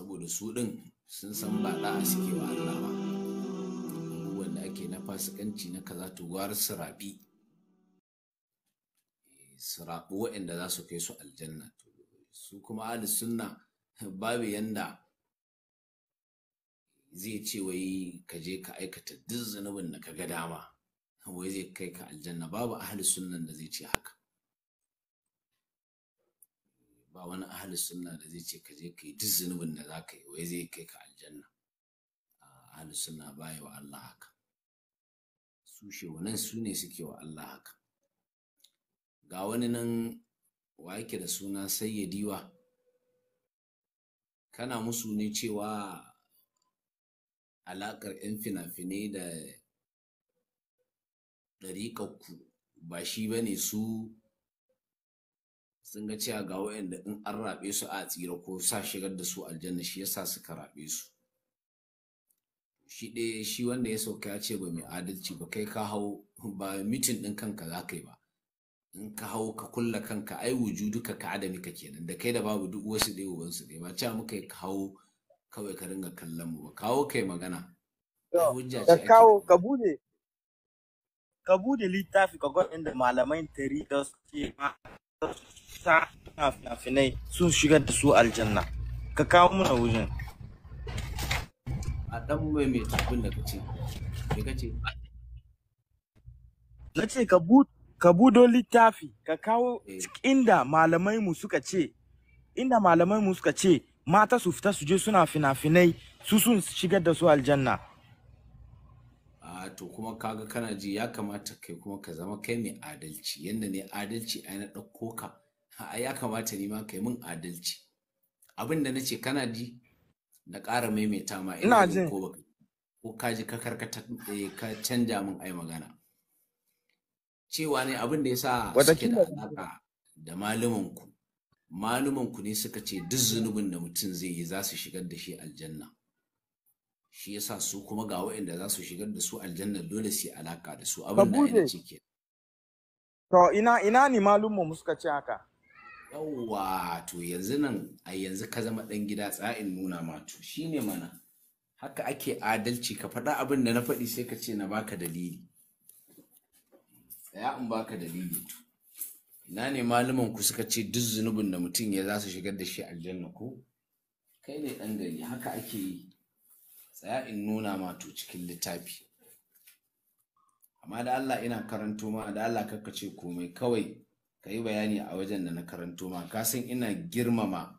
saboda su ɗin sun san ba a suke wa Allah ba abubuwan da ake na fasikanci na kaza to gwar eh, su raɓi waɗanda za su kai su aljanna su kuma ahli sunna babu yanda zai ce wai ka je ka aikata duk zunubin da ka ga dama wai zai kai ka aljanna babu ahli Sunna da zai ce haka ba wani ahli sunna da zai ce ka je ka yi duk zunubin da za ka yi wai zai kai ka aljanna ahli sunna ba wa Allah haka su shewanan su ne suke wa Allah haka ga wani nan wa yake da suna sayyadiwa kana musu ne cewa alaƙar 'yan fina-finai da ku ba shi ba ne su sun ga cewa ga wa'anda in an raɓe su a tsira ko sa shigar da su aljanna shi yasa suka raɓe su shi ɗaya shi wanda ya sauka ya ce ba mai adalci ba kai ka hau ba mitin ɗin kanka za ka yi ba in ka hau ka kulla kanka ai duka ka adami ka kenan da kai da babu duk wasu dai uban su dai ba cewa muka yi ka hau kawai ka ringa kallon mu ba kawo kai magana ka kawo ka bude ka bude littafi ka ga inda malamai su suke ma ta fina-finai sun shigar da su aljanna ka kawo muna wajen a dan mai mai abin da kace me kace na ce ka bu ka budo littafi ka kawo eh. inda malamai mu suka ce inda malamai mu suka ce mata su fita su je suna fina-finai su sun shigar da su aljanna to kuma kaga kana ji ya kamata kai kuma ka zama kai mai adalci yadda ne adalci a na ɗauko ka a ya kamata ni ma kai mun adalci abin da nace kana ji na ƙara maimaita ma ina jin ko ko ka ji ka karkata eh, ka canja min ai magana cewa ne abin da yasa suke da alaka da malumin ku malumin ku ne suka ce duk zunubin da mutum zai yi za su shigar da shi aljanna shi yasa su kuma ga waɗanda za su shigar da su aljanna dole su yi alaka da su abin da ya ce ke to ina ina ni malumin mu suka ce haka yawwa to yanzu nan a yanzu ka zama ɗan gida tsa'in nuna ma to shine mana haka ake adalci ka faɗa abin da na faɗi sai ka ce na baka dalili tsaya in baka dalili to ina ne malaman ku suka ce duk zunubin da mutum ya za su shigar da shi aljanna ko kai ne ɗan gari haka ake yi tsaya in nuna ma cikin littafi amma da Allah ina karanto ma da Allah kakkace ce komai kawai ka yi bayani a wajen da na karanto ma ka san ina girmama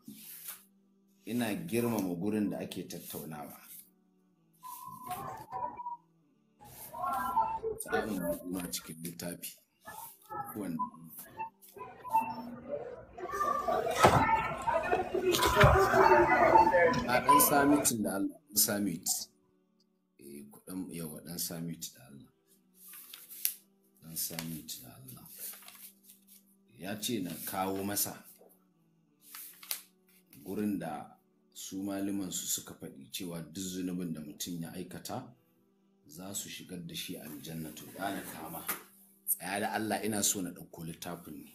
ina girmama gurin da ake tattaunawa tsarin ma cikin littafi a ɗan samitin da Allah samit eh kuɗin yawa ɗan samit da Allah ɗan samit da Allah ya ce na kawo masa gurin da su malimansu suka faɗi cewa duk zunubin da mutum ya aikata za su shigar da shi aljannatu ɗana kama tsaya da Allah ina so na ɗauko littafin ne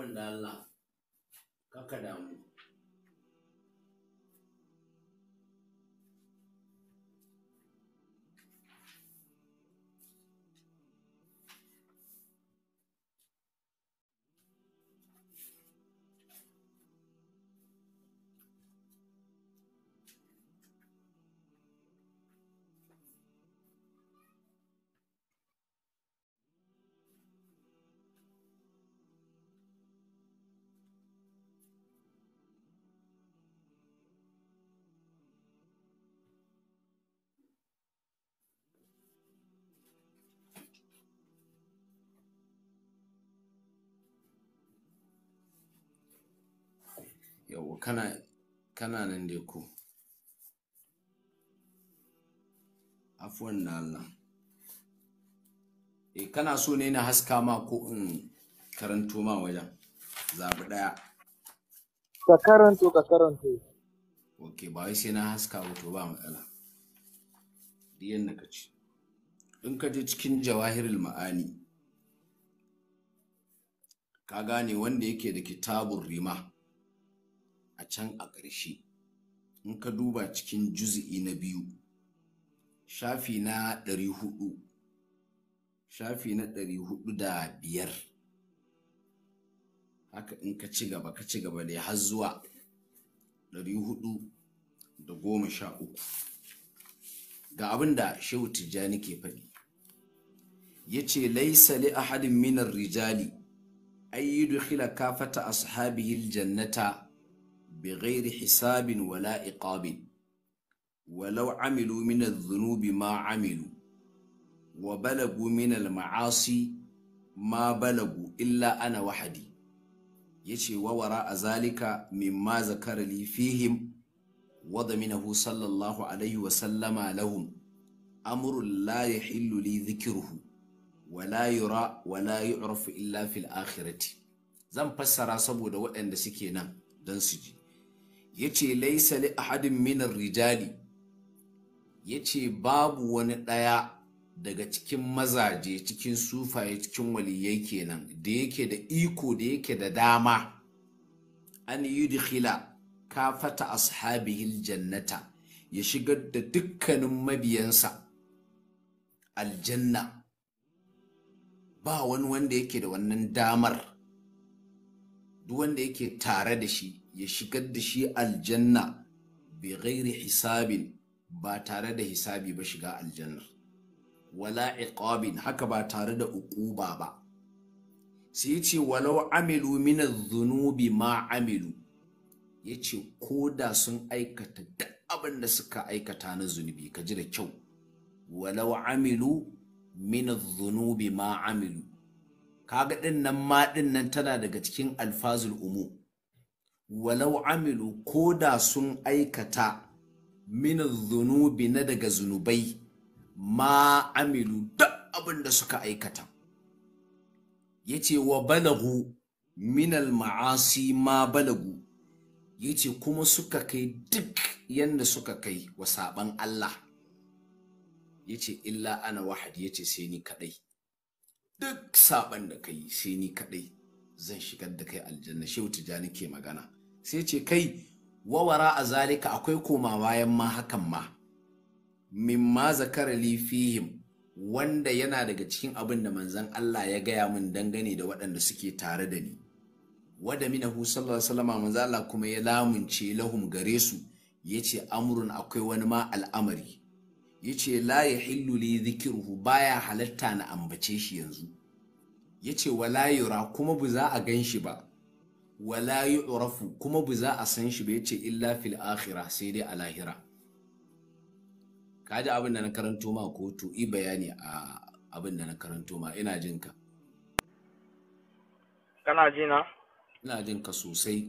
abubuwan da Allah kaka damu yau kana kana nan dai ko afuwan da Allah e kana so ne na haska ma ko in karanto ma wajen zabi daya ka karanto ka karanto ok ba wai sai na haska ba to ba matsala diyan na ka in ka je cikin jawahirul ma'ani ka gane wanda yake da kitabun rima a can a ƙarshe in ka duba cikin juzi'i na biyu shafi na ɗari hudu shafi na ɗari hudu da biyar haka in ka ci gaba ka ci gaba da har zuwa ɗari hudu da goma sha uku ga abin da shehu tijjani ke faɗi ya ce laisa li ahadin minar rijali ayyidu khila kafata ashabihi jannata بغير حساب ولا إقاب ولو عملوا من الذنوب ما عملوا وبلغوا من المعاصي ما بلغوا إلا أنا وحدي يشي ووراء ذلك مما ذكر لي فيهم وضمنه صلى الله عليه وسلم لهم أمر لا يحل لي ذكره ولا يرى ولا يعرف إلا في الآخرة زم فسر سبو da waɗanda suke nan yace laisali li hadin minar rijali yace babu wani ɗaya daga cikin mazaje cikin sufaye cikin waliyai kenan da yake da iko da yake da dama an yi yudkhila kafata ashabihil jannata ya shigar da dukkanin mabiyansa aljanna ba wani wanda yake da wannan damar duk wanda yake tare da shi ya shigar da shi aljanna bai gairi hisabin ba tare da hisabi ba shiga aljanna wala iqabin haka ba tare da uquba ba sai yace walau amilu min adh-dhunubi ma amilu yace da sun aikata duk abin da suka aikata na zunubi ka ji da kyau walau amilu min adh-dhunubi ma amilu kaga din nan ma din nan tana daga cikin alfazul umu walau amilu ko da sun aikata min zunubi na daga zunubai ma amilu duk abin da suka aikata ya ce wa balagu minal ma'asi ma balagu Ya ce kuma suka kai duk yadda suka kai wa saban Allah Ya ce illa ana wahad ce sai ni kadai duk saban da kai sai ni kadai zan shigar da kai aljanna shehu tijani ke magana sai ce kai wawara a zalika akwai koma bayan ma hakan ma mimma zakara lifihim wanda yana daga cikin abin da manzon Allah ya gaya min dangane da waɗanda suke tare da ni wada minahu sallallahu alaihi wasallam manzan Allah kuma ya lamunce lahum gare su yace amrun akwai wani ma al'amari yace la yahillu li dhikruhu baya halatta na ambace shi yanzu yace wala yura kuma bu za a gan shi ba wala yu'rafu kuma bu za a san shi bai ce illa fil akhira sai dai a lahira kaji abin da na karanto ma ko to i bayani a abin da na karanto ma ina jin ka kana ji na ina jin ka sosai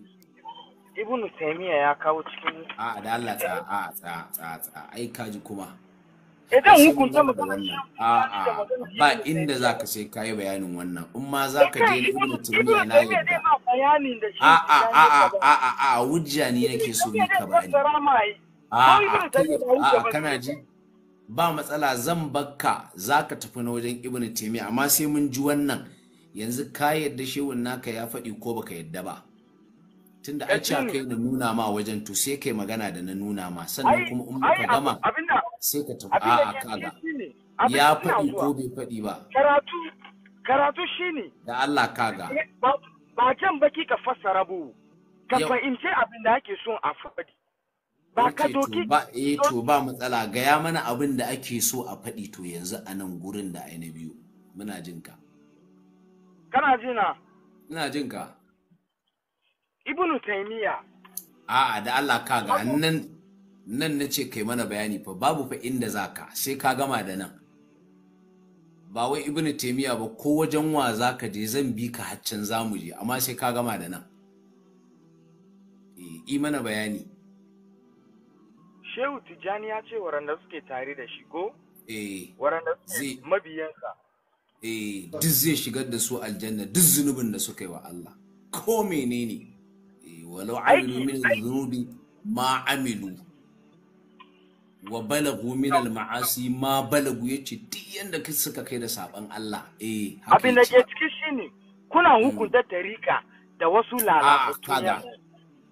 ibnu taymiya ya kawo cikin a da Allah ta a ta ta ai kaji kuma Idan eh, hukunta A'a ba inda za ka sai kayi bayanin wannan in ma za ka je ibnu turmiya na yadda. A'a a'a ne nake so ni ka bani. A'a kana ji ba matsala zan bakka za ka tafi na wajen ibnu turmiya amma sai mun ji wannan yanzu ka yadda shehun naka ya faɗi ko baka yadda ba. Tunda eh, a ce kai na nuna ma wajen to sai kai magana da na nuna ma sannan kuma in baka gama. Abinda sai ka tafi a kaga ya faɗi ko bai faɗi ba karatu karatu shine da Allah kaga eh, ba can baki ka fassara bu ka fahimci abin da ake son a faɗi ba ka doki ba eh to ba matsala gaya mana abin da ake so a faɗi to yanzu a nan gurin da ai na biyu muna jin ka kana jina ina jin ka ibnu taymiya a'a da Allah kaga nan nan na ce kai mana bayani fa babu fa inda za ka sai ka gama da nan ba wai ibnu taimiyya ba ko wajen wa za ka je zan bi ka haccan za mu je amma sai ka gama da nan eh, yi mana bayani shehu tijjani ya ce waranda suke tare da shi ko eh, waranda suke mabiyansa eh duk zai shigar da su aljanna duk zunubin da suka yi wa Allah ko menene eh, walau amilu min zunubi ma amilu wa balagu min al-ma'asi ma balagu yace duk yanda suka kai da saban Allah eh abin da ke ciki shine kuna mm. hukunta tarika da wasu lalata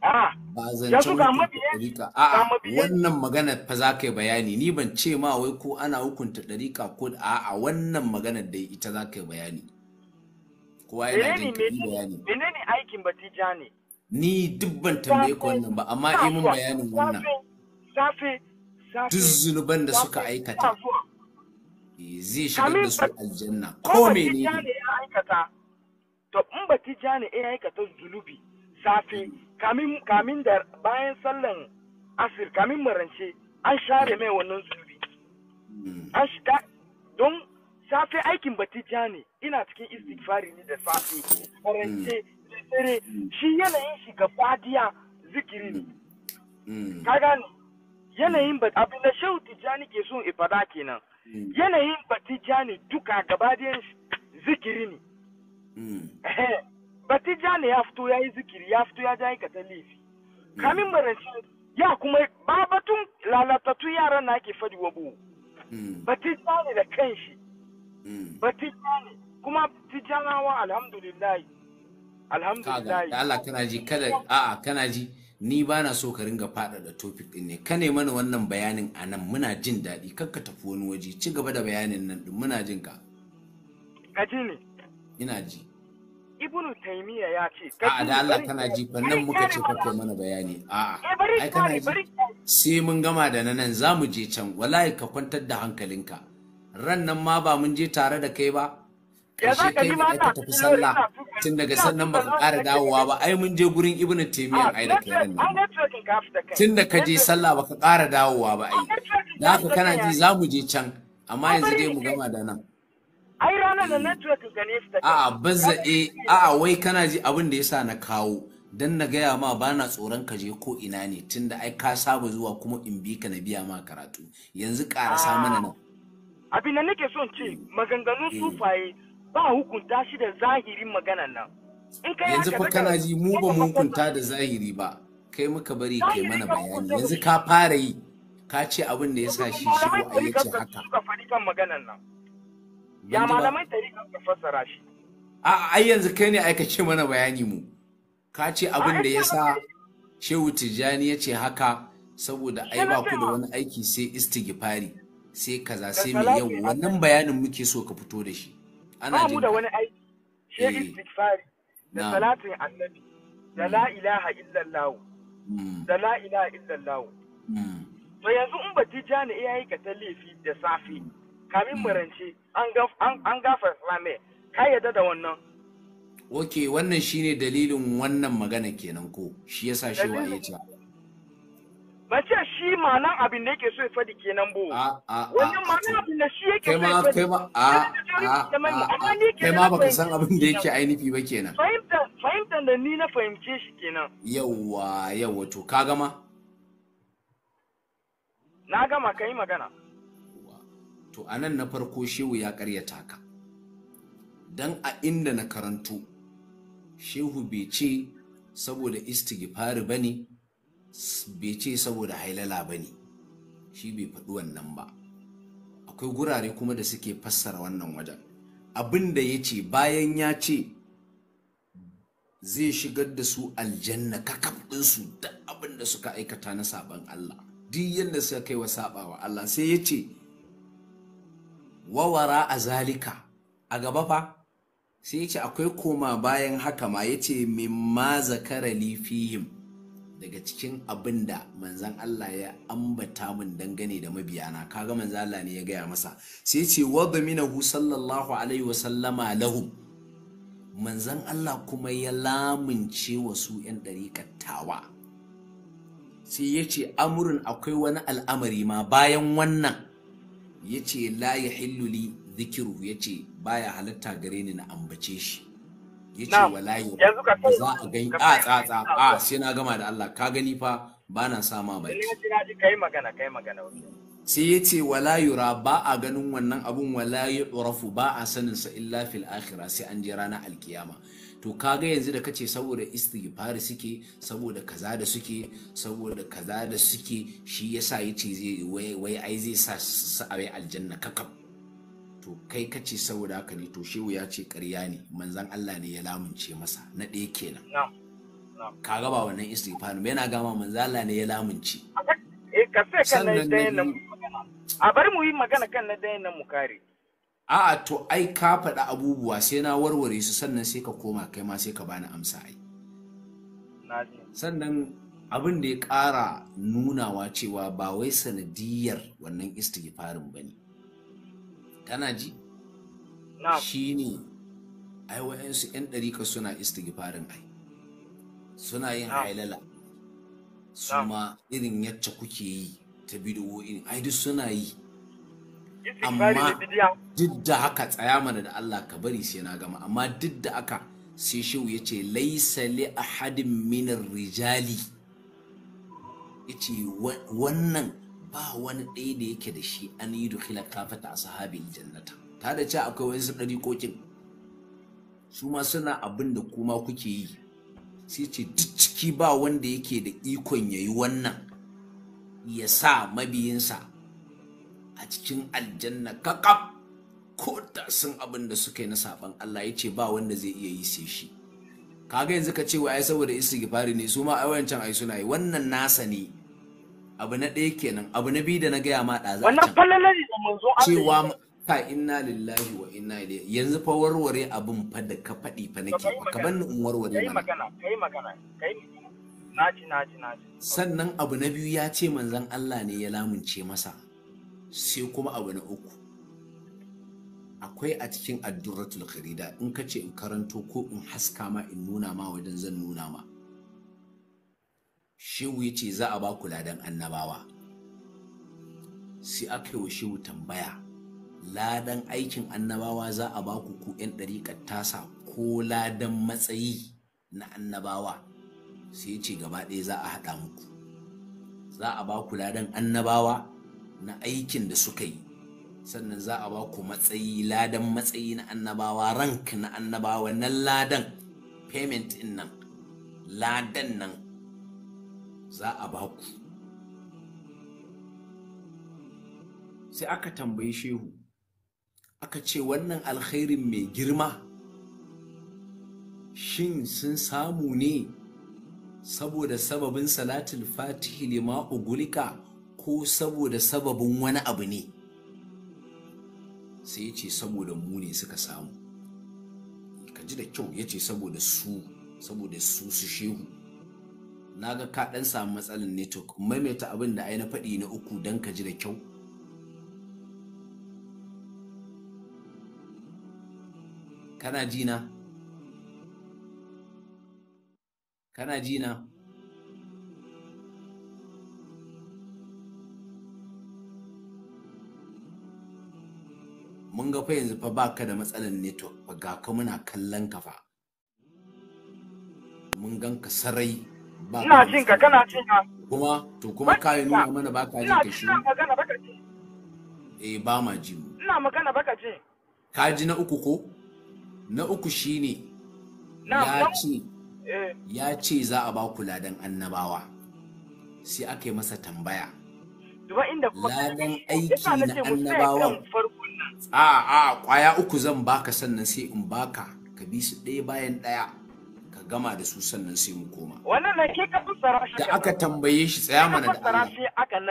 ah, ah, ba zancen ɗarika a wannan magana fa za ka yi bayani ni ban ce ma wai ko ana hukunta tarika ko a a wannan magana dai ita za ka yi bayani kowa yana da bayani menene aikin batija ne ni dubban tambaye ka wannan ba amma imin eh, bayanin wannan safe duk zunuban da suka aikata eh, zai shiga da su aljanna ko mene ne to in ba tijani ya aikata zunubi safi kamin da bayan sallan asir kamin marance an share mai wannan zunubi hmm. an shiga don safi aikin ba tijani ina cikin istighfari ne da safi marance hmm. shi yanayin shi badiya diya zikiri ne hmm. ka gani yanayin ba abin da shehu tijjani ke so ifada kenan mm. yanayin ba tijjani duka gaba zikiri ne mm. ba tijjani ya fito ya yi zikiri ya fito ya jayi lefi mm. kamin barance ya kuma ba batun lalatattu yaran na ke fadi wabo ba tijjani da kanshi ba tijjani kuma tijjanawa alhamdulillahi alhamdulillahi Allah kana ji kada a'a kana ji ni ba na so ka ringa faɗaɗa topic ɗin ne ka ne mana wannan bayanin a nan muna jin daɗi kar ka tafi wani waje ci gaba da bayanin nan ɗin muna jin ka ka ji ne ina ji ibnu taymiya ya ce A'a da Allah kana ji nan muka ce kai mana bayani a eh, ai kana ji sai mun gama da nan za mu je can wallahi ka kwantar da hankalinka ran nan ma ba mun je tare da kai ba karshe kai ne ka tafi sallah tun daga sannan ba ka ƙara dawowa ba ai mun je gurin ibnu taymiya ai da kai nan tun da ka je sallah ba ka ƙara dawowa ba ai ah, na ka kana ji za mu je can amma yanzu dai mu gama da nan ai ranar da eh. network ne su eh, da a'a a a'a wai kana ji abin da yasa na kawo dan na gaya ma ba na tsoron ka je ko ina ne tun da ai ka saba zuwa kuma in bi ka na biya ma karatu yanzu ƙarasa mana ah. nan abin da nake son ce eh. maganganun sufaye ba hukunta shi da zahirin maganan nan yanzu fa kana ji mu ba mu hukunta da zahiri ba kai muka bari kai mana bayani yanzu ka fara yi ka ce abin da ya sa shi shigo a yace haka ka fadi kan maganan nan ya malamai tarikan ka fassara shi a ai yanzu kai ne aika ce mana bayani mu ka ce abin da ya sa Shehu Tijjani ya ce haka saboda ai ba ku da wani aiki sai istighfari sai kaza sai mai yau wannan bayanin muke so ka fito da shi ba mu da wani aiki shi eh. istighfari da salatin annabi da la ilaha illallah hmm. da la ilaha illallah hmm. to yanzu in ba Jani iya yi ta laifi da safi kamin murance hmm. an gafa rame ka yadda da wannan ok wannan shine dalilin wannan magana kenan ko shi yasa shi wa ya ban ce shi ma'anan abin da yake so ya fadi kenan bo wannan ma'anan abin da shi yake so ya fadi amma ni kenan kai ma baka san abin da yake ainihi ba kenan fahimtar da ni na fahimce shi kenan yawa yawa to ka gama na gama ka yi magana to a nan na farko shehu ya karyata ka dan a inda na karanto shehu bai ce saboda ba ne. bai ce saboda hailala ba ne shi bai faɗi wannan ba akwai gurare kuma da suke fassara wannan wajen abin da ya ce bayan ya ce zai shigar da su aljanna kakaf su da abin da suka aikata na saban Allah duk yadda suka kai wa sabawa Allah sai ya ce wawara a zalika a gaba fa sai ya ce akwai koma bayan haka ma ya ce mimma zakara lifihim daga cikin abin da manzan Allah ya ambata min dangane da mabiyana kaga manzan Allah ne ya gaya masa sai ce wa minahu sallallahu alaihi wa sallama lahum manzan Allah kuma ya lamunce wa su yan tawa sai ya ce amurin akwai wani al'amari ma bayan wannan ya ce la ya hilluli zikiru ya ce baya halatta gare ni na ambace shi ya ce wallahi za a gani a tsatsa a sai na gama da Allah ka gani fa ba na sa ma sai yace ce ba a ganin wannan abun wala yurafu ba a sanin sa illa fil akhirah sai an je ranar alkiyama to kaga yanzu da kace saboda istighfari suke saboda kaza da suke saboda kaza da suke shi yasa yace zai wai ai zai sa su aljanna kakab to kai ka ce saboda haka ne to shehu ya ce ƙarya ne manzan Allah ne ya lamunce masa na ɗaya kenan ka gaba wannan istighfarin yana gama manzan Allah ne ya lamunce eh, a bari mu yi magana kan na dayan nan mukari. a'a to ai ka faɗa abubuwa sai na warware su sannan sai ka koma kai ma sai ka bani amsa ai sannan abin da ya ƙara nunawa cewa ba wai sanadiyar wannan istighfarin ba ne kana ji shi ne ai 'yan ɗarika suna istighfarin ai suna yin hailala su ma irin yacce kuke yi ta bidowo in ai suna yi amma duk da haka tsaya mana da Allah ka bari sai na gama amma duk da haka sai shehu ya ce laisa li ahadin minar rijali ya ce wannan ba wani ɗaya da yake da shi an yi dukhila kafata a sahabin jannata ta da ce akwai wani su kokin su ma suna abin da kuma kuke yi sai ce duk ciki ba wanda yake da ikon ya yi wannan ya sa mabiyinsa a cikin aljanna kakaf ko da sun abin da suka yi na saban Allah ya ce ba wanda zai iya yi sai shi kaga yanzu ka ce wa ai saboda istighfari ne su ma ai wancan ai suna yi wannan nasa ne abu na ɗaya kenan abu na biyu da na gaya ma ɗaza cewa ka inna lillahi wa inna ilaihi yanzu fa warware abin fa da ka faɗi fa nake ka ni in warware mana kai magana kai magana kai naji naji naji sannan abu na biyu ya ce manzon Allah ne ya lamunce masa sai kuma abu na uku akwai a cikin addurratul kharida in ka ce in karanto ko in haska ma in nuna ma wajen zan nuna ma shiwu ya ce za a ba ku ladan annabawa sai aka yi wa shiwu tambaya ladan aikin annabawa za a ba ku ku 'yan ɗariƙar tasa ko ladan matsayi na annabawa sai ce gaba ɗaya za a haɗa muku za a ba ku ladan annabawa na aikin da suka yi sannan za a ba ku matsayi ladan matsayi na annabawa rank na annabawa na ladan payment in nan ladan nan za a ba ku sai aka tambayi shehu aka ce wannan alkhairin mai girma shin sun samu ne saboda sababin salatul fatihi lima ugulika ko saboda sababin wani abu ne sai ya ce saboda mu ne suka samu ka ji da kyau ya ce saboda su saboda su su shehu na ga ka ɗan samu matsalar network maimaita abin da ai na faɗi na uku dan ka ji da kyau kana ji na kana ji na mun ga fa yanzu fa baka da matsalan network ga ka muna kallon ka fa mun gan ka sarai ina jin ka kana jin ka kuma to kuma ka nuna mana ba ka ji ka shi ina magana baka ji eh ba ma ji mu ina magana baka ji ka ji na uku ko na uku shine ya ce eh. ya ce za a ba ku ladan annabawa sai aka yi masa tambaya ladan aiki na annabawan a a kwaya uku zan baka sannan sai in baka ka bi su ɗaya bayan ɗaya gama da su sannan sai mu koma wannan na ke kafin tsara shi da aka tambaye shi tsaya mana da Allah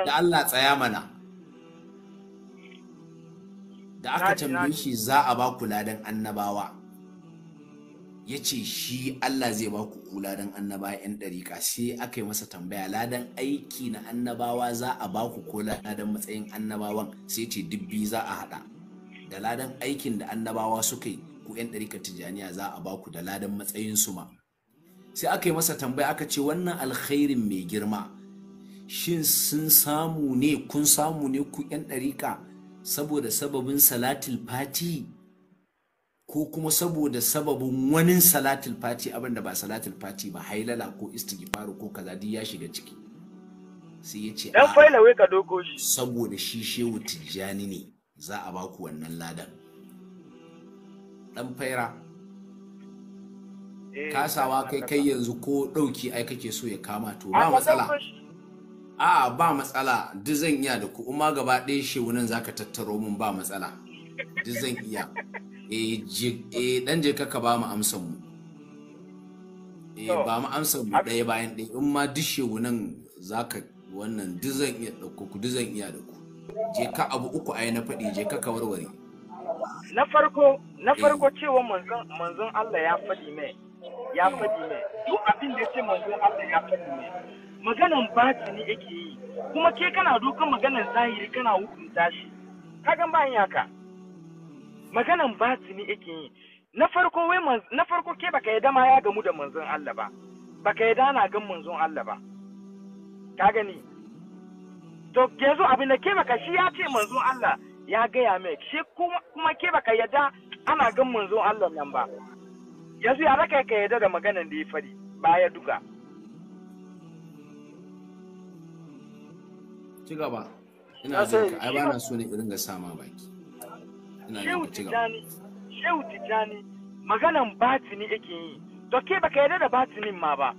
da Allah tsaya mana da aka tambaye shi za a ba ku ladan annabawa ya ce shi Allah zai ba ku ladan annabawa yan ɗariƙa sai aka yi masa tambaya ladan aiki na annabawa za a ba ku ko ladan matsayin annabawan sai ce dubbi za a haɗa da ladan aikin da annabawa suka yi ku yan ɗariƙa tijjaniya za a ba ku da ladan matsayin su ma sai aka yi masa tambaya aka ce wannan alkhairin mai girma shin sun samu ne kun samu ne ku yan ɗariƙa saboda sababin salatul fati ko kuma saboda sababin wani salatul fati abinda ba salatul fati ba hailala ko istighfaru ko kaza duk ya shiga ciki sai ya ce dan shi saboda shi shehu tijjani ne za a baku wannan ladan dan faira Eh, kasawa kai kai yanzu ko ɗauki ai kake so ya kama to ba matsala a ba matsala duk zan iya da ku kuma gaba ɗaya shewunan zaka tattaro mun ba matsala duk zan iya eh dan eh, je kaka ba mu amsan mu eh ba mu amsan mu ɗaya bayan ɗaya in ma duk shewunan zaka wannan duk zan iya da ku duk zan iya da ku je ka abu uku ai na faɗi je kaka warware na farko na eh. farko cewa manzon manzon Allah ya faɗi mai ya faɗi ne duk abin da ya ce manzon Allah ya faɗi ne maganan ne yake yi kuma ke kana dokan maganan zahiri kana hukunta shi kagan bayan yaka maganan ne yake yi na farko wai na farko ke baka yadda ma ya gamu da manzon Allah ba baka yadda na gan manzon Allah ba ka gani to yanzu abin da ke baka shi ya ce manzon Allah ya gaya mai shi kuma ke baka yadda ana gan manzon Allah nan ba yanzu ya raka ka yadda da maganan da ya fari baya duka ci gaba ina jin ka ai bana so ne irin ga sama baki ina ci gaba shehu tijani maganan batini yake yi to ke baka yarda da batinin ma ba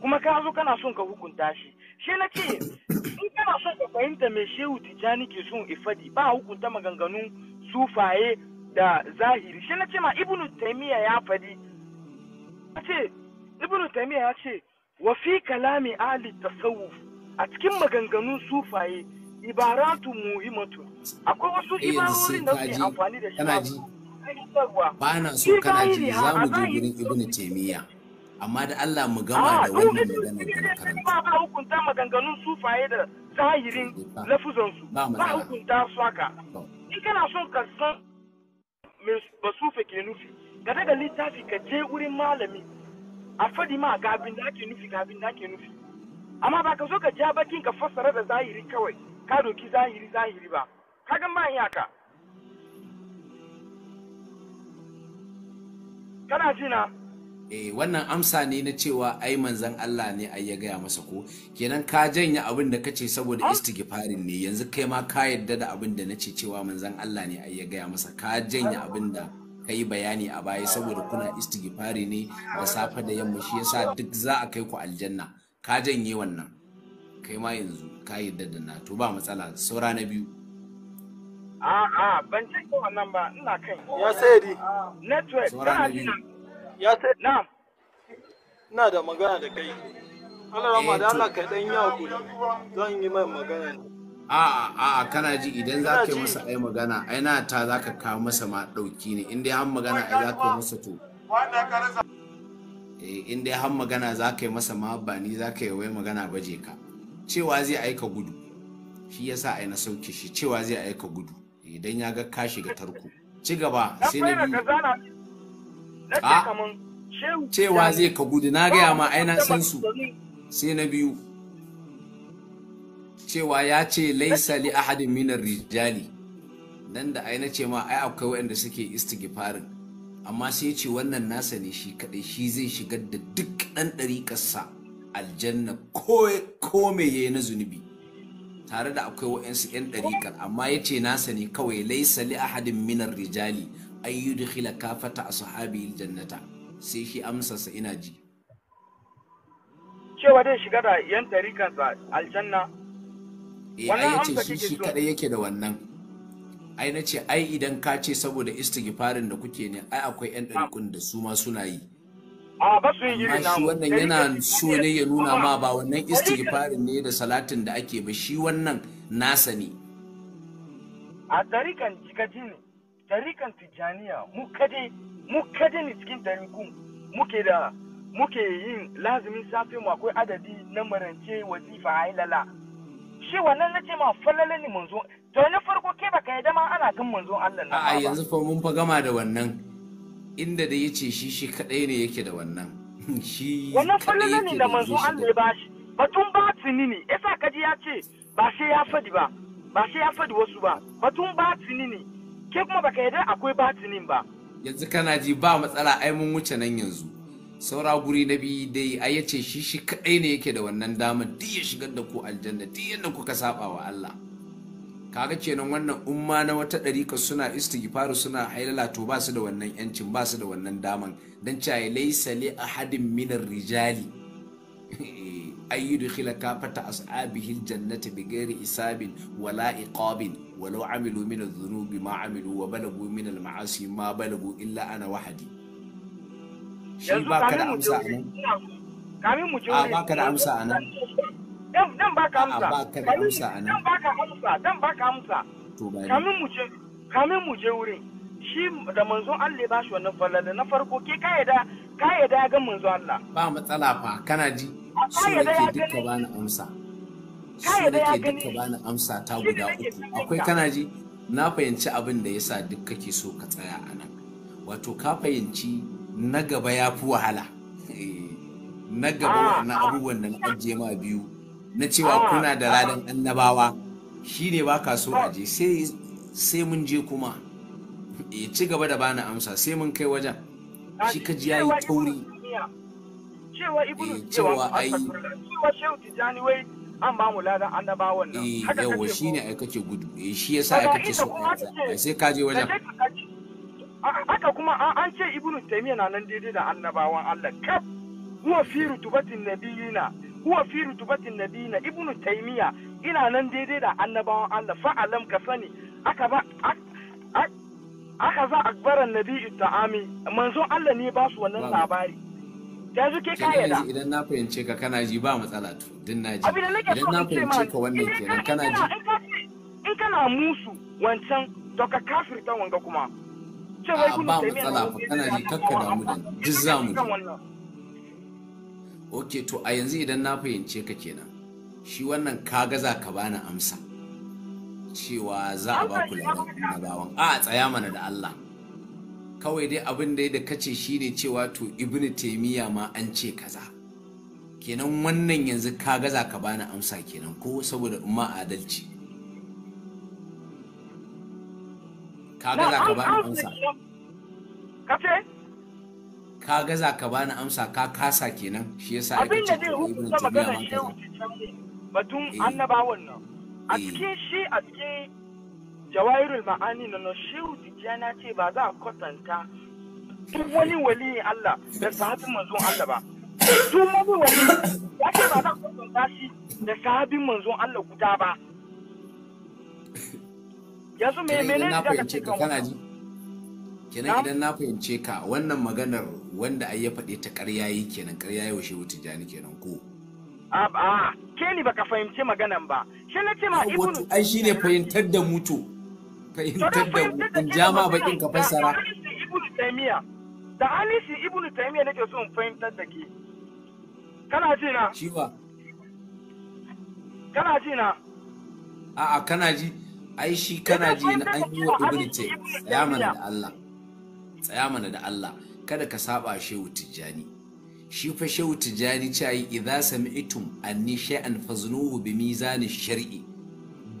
kuma ka zo kana son ka hukunta shi shi na ce in kana son ka fahimta mai shehu tijani ke son ifadi ba hukunta maganganu sufaye da zahiri shi na ce ma ibnu taymiya ya fadi ce ibn taymiya ya ce wa fi kalami ali tasawuf a cikin maganganun sufaye ibaratu muhimmatu akwai wasu eh, ibarorin da suke amfani da shi ba na so kana ji za mu je gurin ibn taymiya amma da Allah mu gama ah, da wannan magana da na karanta ba ba hukunta maganganun sufaye da zahirin lafuzan su ba hukunta su haka in kana son ka san me basufa ke nufi ka daga littafi ka je wurin malami a faɗi ma ga abin da ake nufi ga abin da ake nufi amma ba ka zo ka ja bakin ka fassara da zahiri kawai ka doki zahiri zahiri ba ka kagan ba haka kana ji na eh wannan amsa ne na cewa ai manzon Allah ne ai ya gaya masa ko kenan ka janye abin da kace saboda istighfarin ne yanzu kai ma ka yadda da abin da nace cewa manzon Allah ne ai ya gaya masa ka janye abin da ka yi bayani a baya saboda kuna istighfari ne da safe da yamma shi yasa duk za a kai ku aljanna ka janye wannan kai ma yanzu ka yi daddana to ba matsala saura na biyu a'a ban ce ko wannan ba ina kai ya sai di network saura na biyu ya sai na ina da magana da kai Allah eh, rama da Allah ka dan yi hakuri zan yi mai magana ne a'a a'a kana ji idan za ka yi masa ai magana ai na ta za ka kawo masa ma ɗauki ne inda dai har magana ai za ka yi masa to eh, in dai har magana za ka yi masa ma ba ni za ka yi wai magana ba je ka cewa zai aika gudu shi yasa ai na sauke shi cewa zai aika gudu idan ya ga ka shiga tarko ci gaba sai na biyu cewa zai ka gudu na gaya ma ai na san su sai na biyu cewa ya ce laisa li ahadin minar rijali nan da ai ce ma ai akwai waɗanda suke istighfarin amma sai ce wannan nasa ne shi kaɗai shi zai shigar da duk ɗan ɗariƙarsa aljanna ko me ya na zunubi tare da akwai waɗansu 'yan ɗariƙar amma ya ce nasa ne kawai laisa li ahadin minar rijali an yi dukila kafata a sahabi jannata sai shi sa ina ji cewa dai shiga da 'yan ɗariƙarsa aljanna eh ai ce shi shi kadai yake da wannan ai na ce ai idan ka ce saboda istighfarin da kuke ne ai akwai yan ah. ɗarikun da su ma suna yi a ah, ba su yi wannan yana so ne ya nuna ma ba wannan istighfarin ne da salatin da ake ba shi wannan nasa ne a tarikan jikaji ne tarikan tijjaniya mu kade mu kade ne cikin tarikun muke da muke yin lazimin safe mu akwai adadi na marance wazifa hailala shi wannan na ce ma falala ne manzo to ni farko ke baka yadda ma ana kan manzo Allah na a yanzu fa mun fa gama da wannan inda da yace shi shi kadai ne yake da wannan shi wannan falala ne da manzo Allah ya bashi batun batini ne yasa kaji ya ce ba shi ya fadi ba ba shi ya fadi wasu ba batun batini ne ke kuma baka yadda akwai batinin ba yanzu kana ji ba matsala ai mun wuce nan yanzu saura guri na biyu dai a yace shi shi kaɗai ne yake da wannan damar duk ya shigar da ku aljanna duk yadda kuka saba wa Allah kaga kenan wannan umma na wata ɗarika suna istighfaru suna hailala to ba su da wannan yancin ba su da wannan daman dan caye laysa li ahadin minar rijali ay yudkhila kafata ashabihi aljannati bighairi isabin wala iqabin walau amilu min adh-dhunubi ma amilu wa balagu min al-ma'asi ma balagu illa ana wahdi shi ba ka da amsa a nan a ba ka da amsa a nan dan ba ka amsa a ba ka da amsa a nan dan ba ka amsa dan ba ka amsa to ba kamin mu je kamin mu je wurin shi da manzo Allah ya bashi wannan fallala na farko ke ka yada ka yada ga manzo Allah ba matsala fa kana ji su yake duka bani amsa su yake duka bani amsa ta guda uku akwai kana ji na fahimci abin da yasa duk kake so ka tsaya a nan wato ka fahimci na gaba ya fi wahala eh, na gaba ah, na ah. abubuwan da na ajiye ma biyu na cewa ah. kuna da ladan annabawa shine ba ka so aje sai mun je kuma ya eh, ci gaba da bani amsa sai mun kai wajen shi ka ji yayi tauri cewa ibnu eh, ai cewa an ba mu ladan annabawan nan yawa shine ai gudu shi yasa ai kake so sai ka je wajen an ce ibnu taymiya na nan daidai da annabawan Allah kaf huwa fi rutubatin nabiyina huwa fi rutubatin nabiyina ibnu taymiya ina nan daidai da annabawan Allah fa alam ka sani aka ba aka za akbaran nabi ta'ami manzo Allah ne ba su wannan labari yanzu ke kaya da idan na fahimce ka kana ji ba matsala to din na ji idan na fahimce ka wannan kenan kana ji in kana musu wancan to ka kafirta wanga kuma A'a ah, matsala ba matsala kana ne kakka damu da duk zamu ok to a yanzu idan na fahimce ka kenan shi wannan kaga za ka bani amsa cewa za a ba ku annabawan a tsaya mana da Allah kawai dai abin da da kace ne cewa to ibnu taymiya ma an ce kaza kenan wannan yanzu kaga za ka bani amsa kenan ko saboda umma adalci ka gaza ka bani amsa kace ka gaza ka bani amsa ka kasa kenan shi yasa aka ce abin da hukunta magana shehu batun eh. annabawan nan a eh. cikin shi a cikin jawairul ma'ani na shehu tijjana ce ba za a kwatanta duk wani wali Allah da sahabin manzon Allah ba duk wani wali ya ce ba za a kwatanta shi da sahabin manzon Allah guda ba yanzu me menene da ka kana ji kenan idan na fahimce ka wannan maganar wanda ai ya faɗe ta ƙarya yi kenan ƙarya yi wa shehu jani kenan ko a a ke ni baka fahimce maganar ba shi na ce ma ibnu wato ai shine fahimtar da mutu fahimtar da in jama bakin ka fassara ibnu taymiya da alisi ibnu taymiya nake so in fahimtar da ke kana ji na shi ba kana ji na a a kana ji ai shi kana ji na an yi wa ibn tsaya mana da Allah tsaya mana da Allah kada ka saba shehu tijjani shi fa shehu tijjani ce yi idza sami'tum anni shay'an faznuhu bi mizani shar'i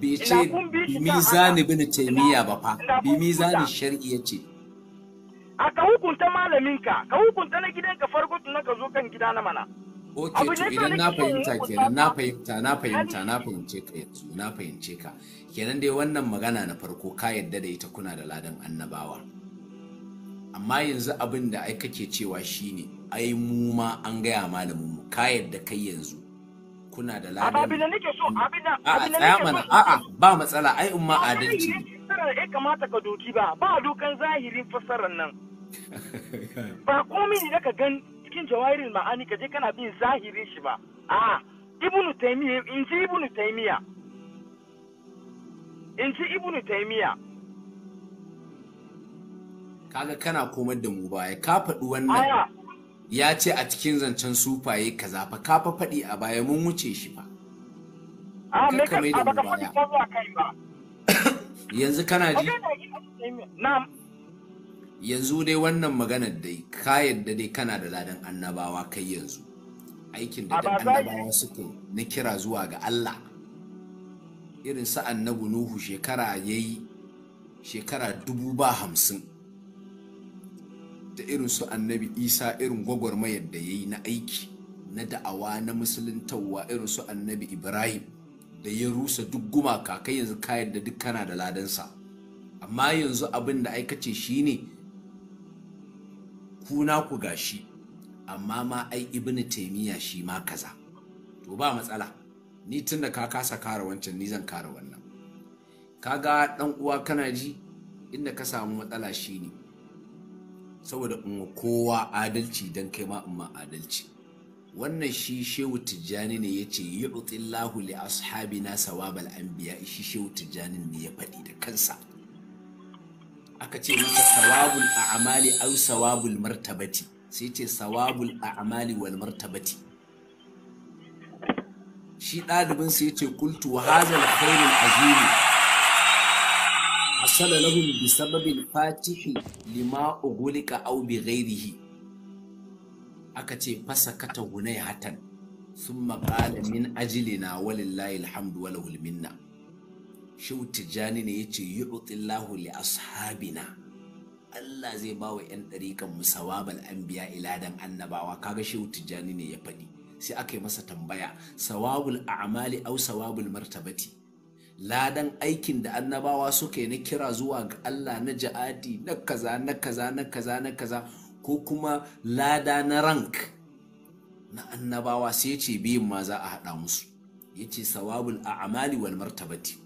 bi ce bi mizan ibn taymiya ba fa bi mizani shar'i yace a ka hukunta malaminka ka hukunta na gidanka farko tun ka zo kan gida na mana Ok, to idan na fahimta kenan na fahimta na fahimta na fahimce ka yanzu na fahimce ka. Kenan dai wannan magana na farko ka yadda da ita kuna da ladan annabawa. Amma yanzu abin da ai kake cewa shine ai mu ma an gaya malamin mu ka yadda kai yanzu kuna da ladan. Abin da nake so abin da abin da nake so. A'a ba matsala ai umma adalci. Fasarar ya kamata ka doki ba ba dokan zahirin fasarar nan. Ba komai ne da ka gani cikin jawairin ma'ani ka je kana bin zahirin shi ba a ibnu taymiya in ji ibnu taymiya in ji ibnu taymiya kaga kana komar da mu baya ka faɗi wannan ya ce a cikin zancen sufaye kaza fa ka fa faɗi a baya mun wuce shi fa a me ka ba ka faɗi ba yanzu kana ji na'am yanzu dai wannan maganar dai ka yadda dai kana da ladan annabawa kai yanzu aikin da duk annabawa suka na kira zuwa ga Allah irin sa annabu Nuhu shekara yayi shekara dubu ba hamsin da irin su annabi Isa irin gwagwarmayar da yayi na aiki na da'awa na musuluntawa irin su annabi Ibrahim da ya rusa duk gumaka kai yanzu ka yadda duk kana da ladansa amma yanzu abin da aikace shine kuna ku gashi amma ma ai ibnu taimiya shi ma kaza to ba matsala ni tun da ka kasa kare wancan ni zan kare wannan kaga dan uwa kana ji inda ka samu matsala shine saboda in kowa adalci dan kai ma in ma adalci wannan shi shehu tijjani ne yace yu'tillahu li ashabina sawabal anbiya shi shehu tijjani ne ya faɗi da kansa aka ce masa sawabul a'mali au sawabul martabati sai ce sawabul a'mali wal martabati shi ɗalibin sai ce kultu wa hazal khairul A hasala lahum bi sababil fatihi lima ughliqa aw bi ghairihi aka ce fasakata hunay hatan thumma qala min ajlina walillahi alhamdu wa lahul minna shehu tijjani ne ya yace yu'tillahu li ashabina Allah zai ba wa 'yan ɗarikan mu sawabal biya iladan annabawa kaga shehu tijjani ne ya faɗi sai aka yi masa tambaya sawabul a'mali au sawabul martabati ladan aikin da annabawa suka yi na kira zuwa ga Allah na ja'adi na kaza na kaza na kaza na kaza ko kuma lada na rank na annabawa sai ce biyun ma za a haɗa musu yace sawabul a'mali wal martabati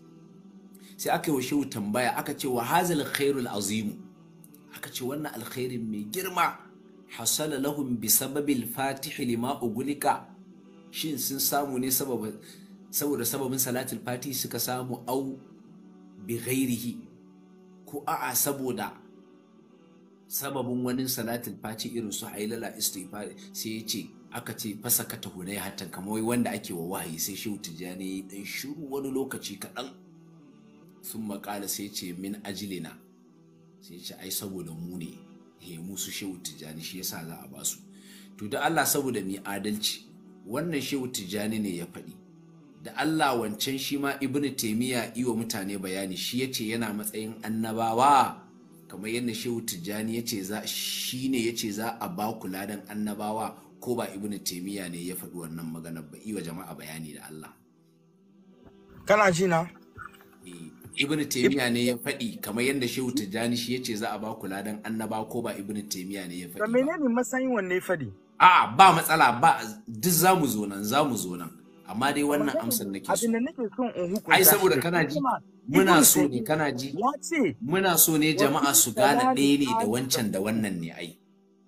sai aka yi wa shehu tambaya aka ce wa hazal khairul azim aka ce wannan alkhairin mai girma hasala lahum bi sababil fatihi lima ugulika shin sun samu ne saboda sababin salatul fatihi suka samu au bi ghairihi ko a'a saboda sababin wani salatul fati irin su hailala istighfar sai ya ce aka ce fasaka ta hunai hatta kamar wanda ake wa wahayi sai shehu tijjani dan shiru wani lokaci kaɗan sun makala sai ce min ajilina sai ce ai saboda mu ne hemu su shehu tijjani shi yasa za a ba su to da Allah saboda mi adalci wannan shehu tijjani ne ya faɗi da Allah wancan shi ma ibn yi iwa mutane bayani shi ya yana matsayin annabawa kamar yadda shehu tijjani ya za shi ne ya za a ba kula ladan annabawa ko ba ibn taimiya ne ya faɗi wannan maganar ba iwa jama'a bayani da Allah kana ji na ibn taymiya ne ya faɗi kamar yadda shehu tijjani shi yace za a ba ku ladan annaba ko ba ibn taymiya ne ya faɗi ba menene matsayin wanne ya faɗi a'a ba matsala ba duk zamu zo nan zamu zo nan amma dai wannan amsar nake so abin da nake so in hukunta ai saboda kana ji muna so ne kana ji muna so ne jama'a su gane ɗaya ne da wancan da wannan ne ai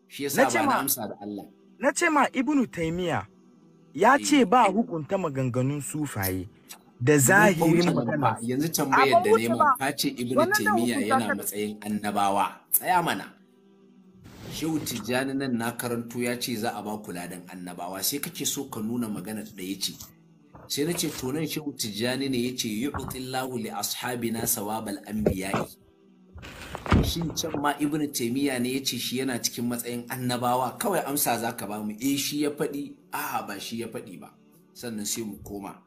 shi yasa ba na amsa da Allah na ce ma ibnu taymiya ya ce eh. ba hukunta maganganun sufaye da zahirin magana yanzu tambayar da nemo ka ce ibnu taymiya yana matsayin annabawa tsaya mana shehu tijjani nan na karanto ya ce za a ba kula dan annabawa sai kake so ka nuna magana da ya ce sai na ce to nan shehu tijjani ne ya ce yu'tillahu li ashabina sawabal anbiya'i shin can ma ibnu taymiya ne yace shi yana cikin matsayin annabawa kawai amsa zaka ba mu eh shi ya faɗi a'a ba shi ya faɗi ba sannan sai mu koma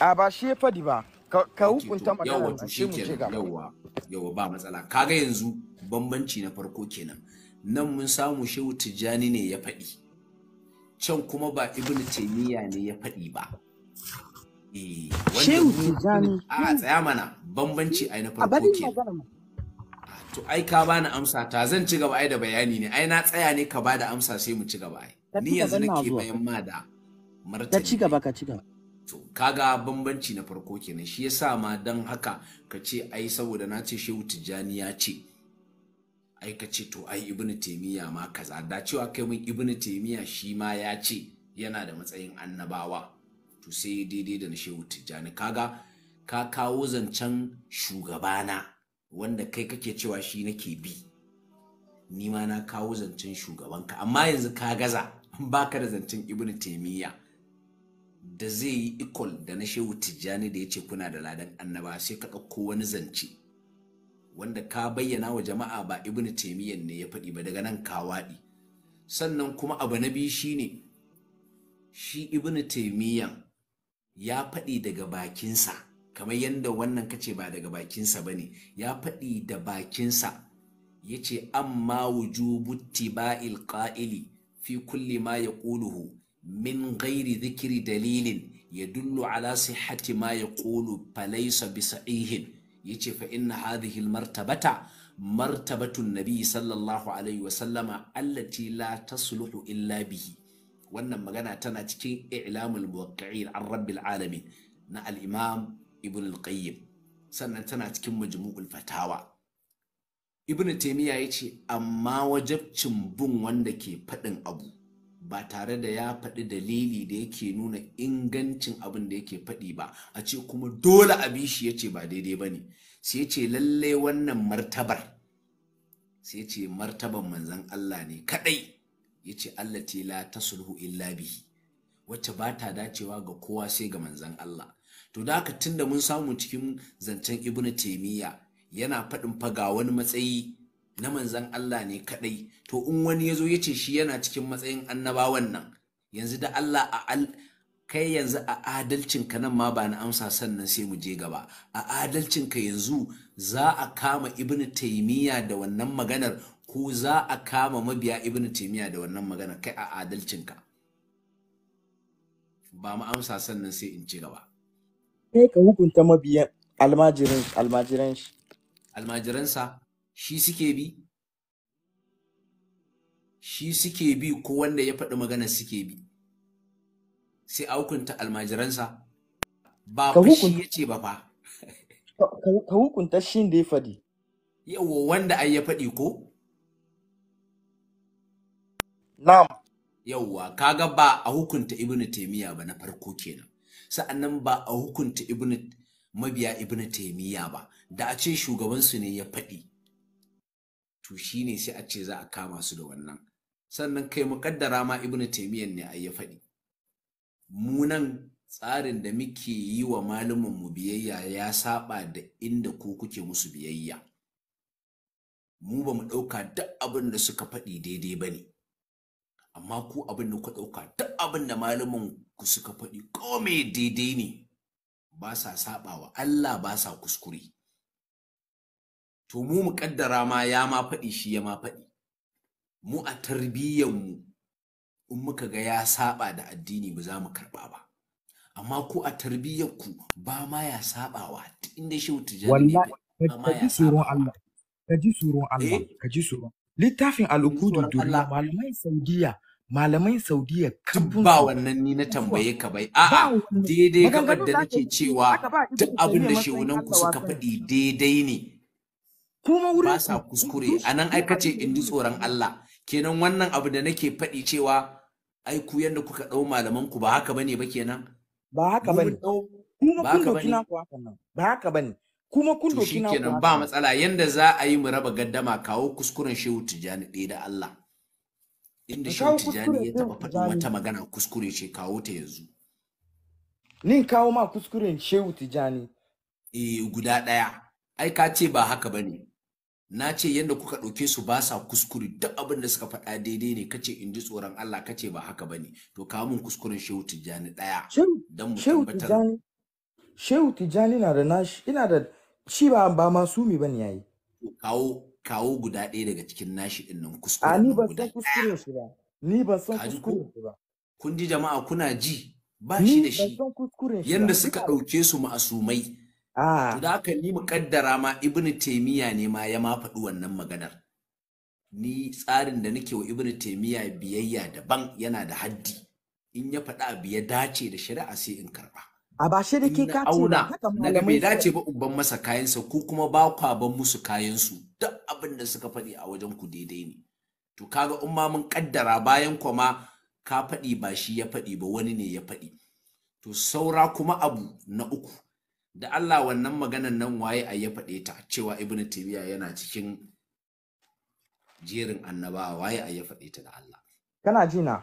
a ba shi ya fadi ba ka hukunta magana yawa shi mu ce gaba yawa yawa ba matsala kaga yanzu bambanci na farko kenan nan mun samu shehu tijjani ne ya faɗi can kuma ba ibnu taimiyya ne ya faɗi ba eh, shehu tijjani a tsaya mana bambanci yi na farko kenan ah, to ai ka bani amsa ta zan ci gaba ai da bayani ne ai na tsaya ne ka bada amsa sai mu ci gaba ai ni yanzu nake bayan ma da martani ka ci gaba ka ci gaba to kaga bambanci na farko kenan shi yasa ma dan haka ka ce ai saboda na ce shehu tijjani ya ce ai ka ce to ai ibnu taymiya ma kaza da cewa kai mun ibnu taymiya shi ma ya ce yana da matsayin annabawa to sai daidai da na shehu tijjani kaga ka kawo zancen shugabana wanda kai kake cewa shi nake bi ni ma na kawo zancen shugabanka amma yanzu ka gaza baka da zancen ibnu taymiya da zai yi ikol da na shehu tijjani da ya ce kuna da ladan annaba sai ka ɗauko wani zance wanda ka bayyana wa jama'a ba Ibn taimiyyan ne ya faɗi ba daga nan ka sannan kuma abu na biyu shine shi Ibn taimiyyan ya faɗi daga bakinsa kamar yadda wannan kace ba daga bakinsa ba ne. ya faɗi da bakinsa Ya yace amma wujubu tiba'il qa'ili fi kulli ma ya ƙuluhu min gairi zikiri dalilin ya dullu ala sihhati ma ya ƙulu falaisa bi sa'ihin ya ce fa inna hadhihi martabata martabatun nabi sallallahu alaihi wa sallama allati la tasluhu illa bihi wannan magana tana cikin i'lamul muwaqqi'in an rabbil alamin na al-imam ibn al-qayyim sannan tana cikin majmu'ul fatawa ibn taymiya yace amma wajabcin bin wanda ke faɗin abu ba tare da ya faɗi dalili da yake nuna ingancin abin da yake faɗi ba a ce kuma dole bi shi ya ce ba daidai ba ne sai ce lallai wannan martabar sai ce martaban manzan Allah ne kaɗai ya ce Allah ce la ta sulhu illa bihi wacce ba ta dacewa ga kowa sai ga manzan Allah to da tun da mun samu cikin zancen ibnu taimiyya yana faɗin faga wani matsayi na manzan Allah ne kadai to in wani yazo yace shi yana cikin matsayin annabawan nan yanzu da Allah a al kai yanzu a adalcin ka nan ma ba na amsa sannan sai mu je gaba a adalcin ka yanzu za a kama ibnu taymiya da wannan maganar ko za a kama mabiya ibnu taymiya da wannan maganar kai a adalcin ka ba mu amsa sannan sai in ci gaba kai ka hukunta mabiyan almajirin almajiran shi almajiransa shi suke bi shi suke bi ko wanda ya faɗi magana suke bi sai aukunta almajiransa ba shi ya ce ba fa ka hukunta shi da ya faɗi yawo wanda ai ya faɗi ko na'am yawwa kaga ba a hukunta ibnu taymiya ba na farko kenan sa'annan ba a hukunta ibnu mabiya ibnu taymiya ba da a ce shugabansu ne ya faɗi to shine sai a ce za a kama su da wannan sannan kai muƙaddara ma ibnu taymiyan ne ayi ya faɗi mu nan tsarin da muke yi wa malumin mu biyayya ya saba da inda ku kuke musu biyayya mu ba mu ɗauka duk abin da suka faɗi daidai ba ne amma ku abin da ku ɗauka duk abin da malumin ku suka faɗi komai daidai ne ba sa saba wa Allah ba sa kuskure to mu mu kaddara ma ya ma faɗi shi ya ma faɗi mu a mu in muka ga ya saba da addini ba za mu karɓa ba amma ko a ku ba ma ya sabawa inda shehu tijjani ne ba ma ya sabawa ka ji tsoron Allah, eh? ka ji tsoron. Littafin al'ukudun duniya malamai Saudiya, malamai Saudiya kafin ba wannan ni na tambaye ka bai. A'a, daidai ga da nake cewa duk abin da shehunan ku suka faɗi daidai ne. kuma wurin ba sa kuskure anan ai kace in ji tsoron Allah kenan wannan abu da nake faɗi cewa ai ku yanda kuka ɗau malaman ku ba haka bane ba kenan ba haka bane kuma kun doki na ku haka nan ba haka bane kuma kun doki na ku kenan ba matsala yanda za a yi mu raba gaddama kawo kuskuren Shehu Tijani ɗaya da Allah inda Shehu Tijani ya taɓa faɗin wata magana kuskure ce kawo ta yanzu nin kawo ma kuskuren Shehu Tijani eh guda ɗaya ai ka ce ba haka bane na ce yadda kuka ɗauke su ba sa kuskure duk abin da suka faɗa daidai ne kace in ji tsoron Allah kace ba haka ba ne to kawo mun kuskuren shehu Tijani ɗaya don mu tabbatar shehu Tijani na da nashi ina da shi ba ba masumi ba ne yayi kawo kawo guda ɗaya daga cikin nashi ɗin nan kuskure ni ba san kuskuren shi ba ni ba san kuskuren shi ba kun ji jama'a kuna ji ba shi da shi yadda suka ɗauke su ma'asumai Ah. To da haka ni muƙaddara ma Ibn Taimiyya ne ma ya ma faɗi wannan maganar. Ni tsarin da nake wa Ibn Taimiyya biyayya daban yana da haddi. In ya faɗi abu ya dace da shari'a sai in karɓa. A ba shi da ke da haka malamai. Daga bai dace ba uban masa kayansa ko kuma ba kwa ban musu kayansu duk abin da suka faɗi a wajen ku daidai ne. To kaga in ma mun ƙaddara bayan ma ka faɗi ba shi ya faɗi ba wani ne ya faɗi. To saura kuma abu na uku. da Allah wannan maganan nan waye a ya faɗe ta cewa ibnu taymiya yana cikin jerin annaba, waye a ya faɗe ta da Allah kana ji na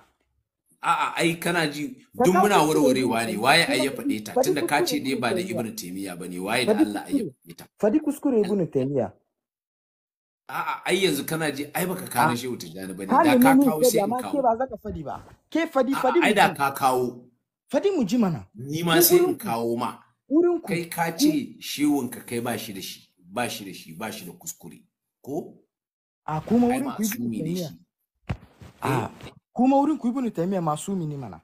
a'a ai kana ji duk muna warwarewa ne waye a ya faɗe ta tunda ka ce ne ba da ibnu taymiya bane waye da Allah a ya faɗe ta fadi kuskure ibnu taymiya a'a ai yanzu kana ji ai baka kana ah. shehu tijani bane da ka kawo sai in kawo ke ba zaka fadi ba ke fadi fadi ai da ka kawo fadi mu ji mana ni ma sai in kawo ma wurin ku kai ka ce shiwon ka kai bashi da shi bashi da shi bashi da kuskure ko a kuma wurin ku ibnu taymiya a eh? kuma wurin ku ibnu taymiya masu mini mana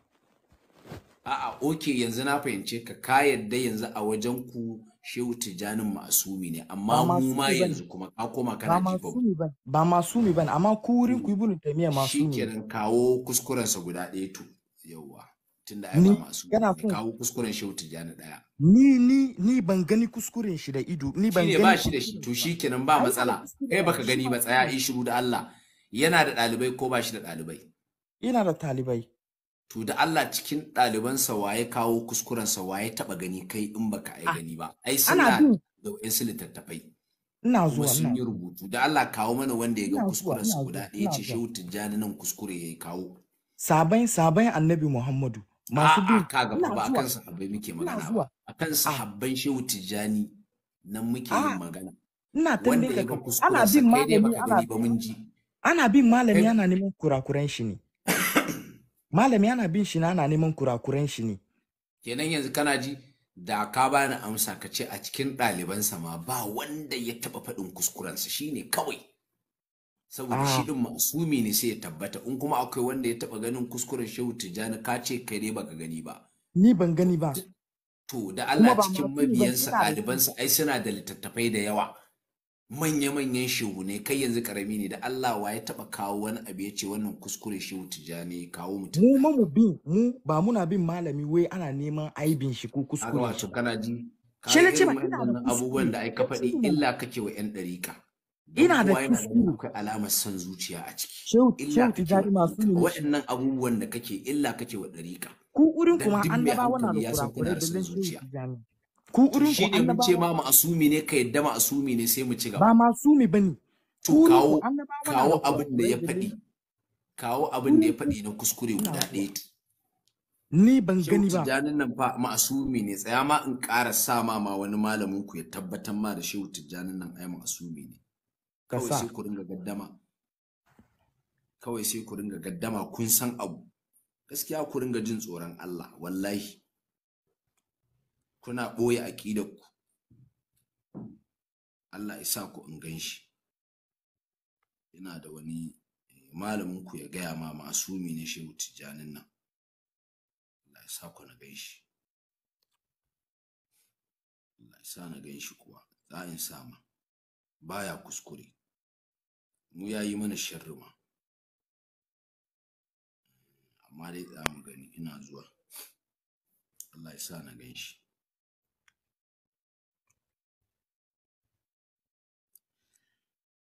a a oke yanzu na fahimce ka ka yadda yanzu a wajen ku shehu tijanin masu ne amma mu ma yanzu kuma ka koma kana jifa ba masu masumi bane amma ku wurin ku hmm. ibnu taymiya masumi shikenan kawo kuskuren sa guda ɗaya to yawwa tunda ai ba masu yana kawo kuskuren wuta tijjani daya ni ni ni ban gani kuskuren shi da ido ni ban gani ba shi da shi to shikenan ba matsala kai baka gani ba tsaya in shiru da Allah yana da dalibai ko ba shi da dalibai yana da talibai to da Allah cikin ɗalibansa waye kawo kuskuren sa waye taba gani kai in baka ai ah, gani ba ai suna da su littattafai ina zuwa sun yi rubutu da Allah kawo mana wanda ya ga kuskuren sa guda ɗaya ce shehu tijjani nan kuskure ya kawo saban saban annabi Muhammadu masu bin kaga ba akan sahabbai muke magana ba akan sahabban shehu tijjani nan muke yin magana ina tambaye ka ana bin malami ana ba mun ji ana bin malami ana neman kurakuran shi ne malami ana bin shi ana neman kurakuran shi ne kenan yanzu kana ji da ka bani amsa ka ce a cikin ɗalibansa ma ba wanda ya taɓa faɗin kuskurensa shine kawai saboda ah. shi din masumi ne sai ya tabbata in kuma akwai wanda ya taba ganin kuskuren shehu tijjani ka ce kai ne baka gani ba ni ban gani ba to da Allah cikin mabiyansa ɗalibansa ai suna da littattafai da yawa manya-manyan shehu ne kai yanzu karami ne da Allah wa ya taba kawo wani abu ya ce wannan kuskuren shehu tijjani kawo mutum mu mu bin mu ba muna bin malami wai ana neman aibin shi ko kuskure shi kana ji ka abubuwan da ai ka faɗi illa kake wa 'yan ɗarika ina da kuskure alamar son zuciya a ciki shehu tijari masu ne waɗannan abubuwan da kake illa kake wa ɗarika ku urin kuma annabawa na da kurakurai da zan zuciya ku urin ku annabawa ce ma ma'asumi ne ka yadda ma'asumi ne sai mu ci gaba ba ma'asumi bane to kawo kawo abin da ya faɗi kawo abin da ya faɗi na kuskure guda ɗaya ni ban gani ba tijjanin nan fa ma'asumi ne tsaya ma in ƙara sa ma ma wani malamin ku ya tabbatar ma da shehu tijjanin nan ai ma'asumi ne kawai sai ku ringa gaddama kawai sai ku ringa gaddama kun san abu gaskiya ku ringa jin tsoron Allah wallahi kuna ɓoye aƙidar ku Allah ya sa ku in ganshi ina yana da wani eh, malamin ku ya gaya ma masumi ne shi tijjanin nan Allah ya sa ku na ganshi Allah ya sa na ganshi kuwa za in sama baya kuskure mu ya yi mana sharruma amma dai za mu gani ina zuwa Allah ya sa na gan shi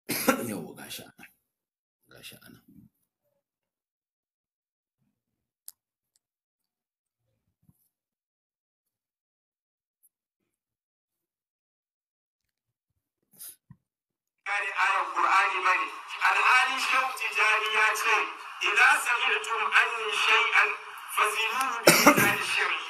yau gashi ana gashi ana gane ayan bane alhali shehu tijani ya ce idan sami'tum anni shay'an fazinuhu bi lisani shar'i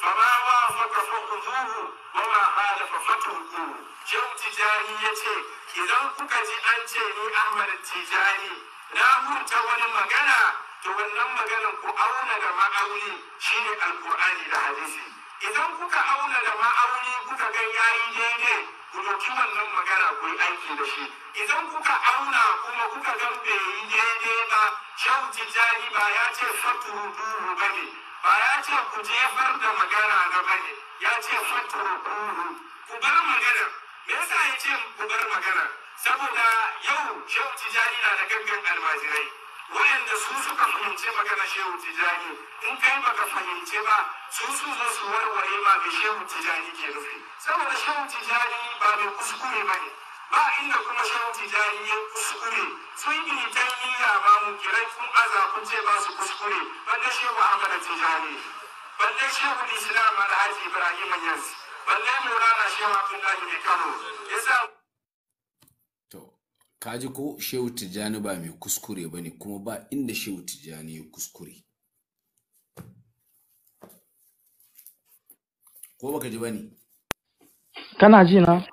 fama wa faka fakuzuhu wa ma halafa fatuhu shehu tijani ya ce idan kuka ji an ce ni Ahmad Tijani na hurta wani magana to wannan maganan ku auna da ma'auni shine alqur'ani da hadisi idan kuka auna da ma'auni kuka ga yayi daidai rubutu wannan magana ku yi aiki da shi idan kuka auna kuma kuka gan bai yi ba shan tijjani ba ya ce fatu duhu ba ne ba ya ce ku jefar da magana na ba ne ya ce fatu duhu ku bar magana me yasa ya ce ku bar magana saboda yau shan tijjani na da gangan almajirai wayanda su suka fahimci magana shehu tijani in kai baka fahimce ba su su zo su warware ma mai shehu tijani ke nufi saboda shehu tijani ba mai kuskure ba ne ba inda kuma shehu tijani ya kuskure sun yi ya ba mu kirai kun aza kun ce ba su kuskure banda shehu amara tijani banda shehu islam alhaji ibrahim yas balle murana shehu abdullahi ne kano yasa kaji ko shehu tijjani ba mai kuskure ba ne kuma ba inda shehu tijjani ya kuskure ko baka ji ba ne kana ji na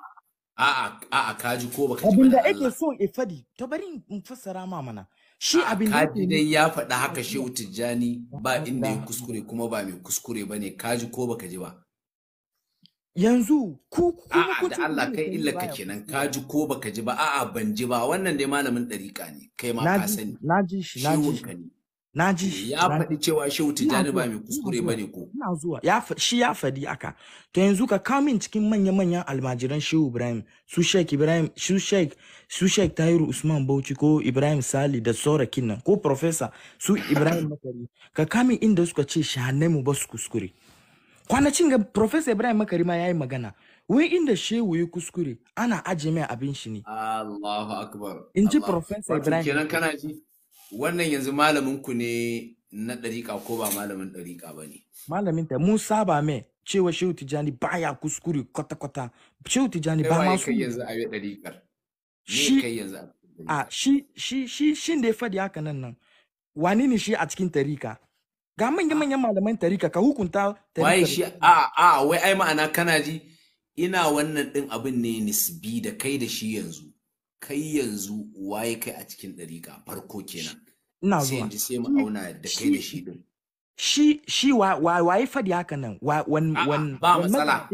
a'a a'a kaji ko baka ji abin da ake so ya fadi bari in fassara ma mana shi abin da kaji dai ya faɗa haka shehu tijjani ba inda ya kuskure kuma ba mai kuskure ba ne kaji ko baka ji ba yanzu ku kuma ku da Allah kai illa ka kenan ka ji ko baka ji ba a'a ban ji ba wannan dai malamin dariƙa ne kai ma ka sani na ji shi na ji shi na ji eh, shi ya faɗi cewa shehu tijani ba mai kuskure bane ko ina zuwa ya shi ya faɗi aka to yanzu ka kawo min cikin manya manyan almajiran shehu Ibrahim su Sheikh Ibrahim su Sheikh su Sheikh Tahiru Usman Bauchi ko Ibrahim Sali da sora nan ko professor su Ibrahim Makari ka kamin inda suka ce shahanai mu ba su kuskure kwanacin ga professor ibrahim makari ma yayi magana wai inda shehu yi kuskure ana ajiye mai abin shi ne Allahu akbar in ji professor ibrahim kenan kana ji wannan yanzu malamin ku ne na dariƙa ko ba malamin dariƙa ne malamin ta mun saba mai cewa shehu tijani baya kuskure kwata kwata shehu tijani ba ma su yanzu a dariƙar shi kai yanzu a shi shi shi shin da ya faɗi haka nan nan wani ne shi a cikin tarika ga manya-manyan malaman tarika ka hukunta waye shi a a wai ai ma'ana kana ji ina wannan din abin ne nisbi da kai da shi yanzu kai yanzu waye kai a cikin ɗariƙa farko kenan ina zuwa sai sai mu auna da kai da shi din shi shi wa waye faɗi haka nan wan wan ba matsala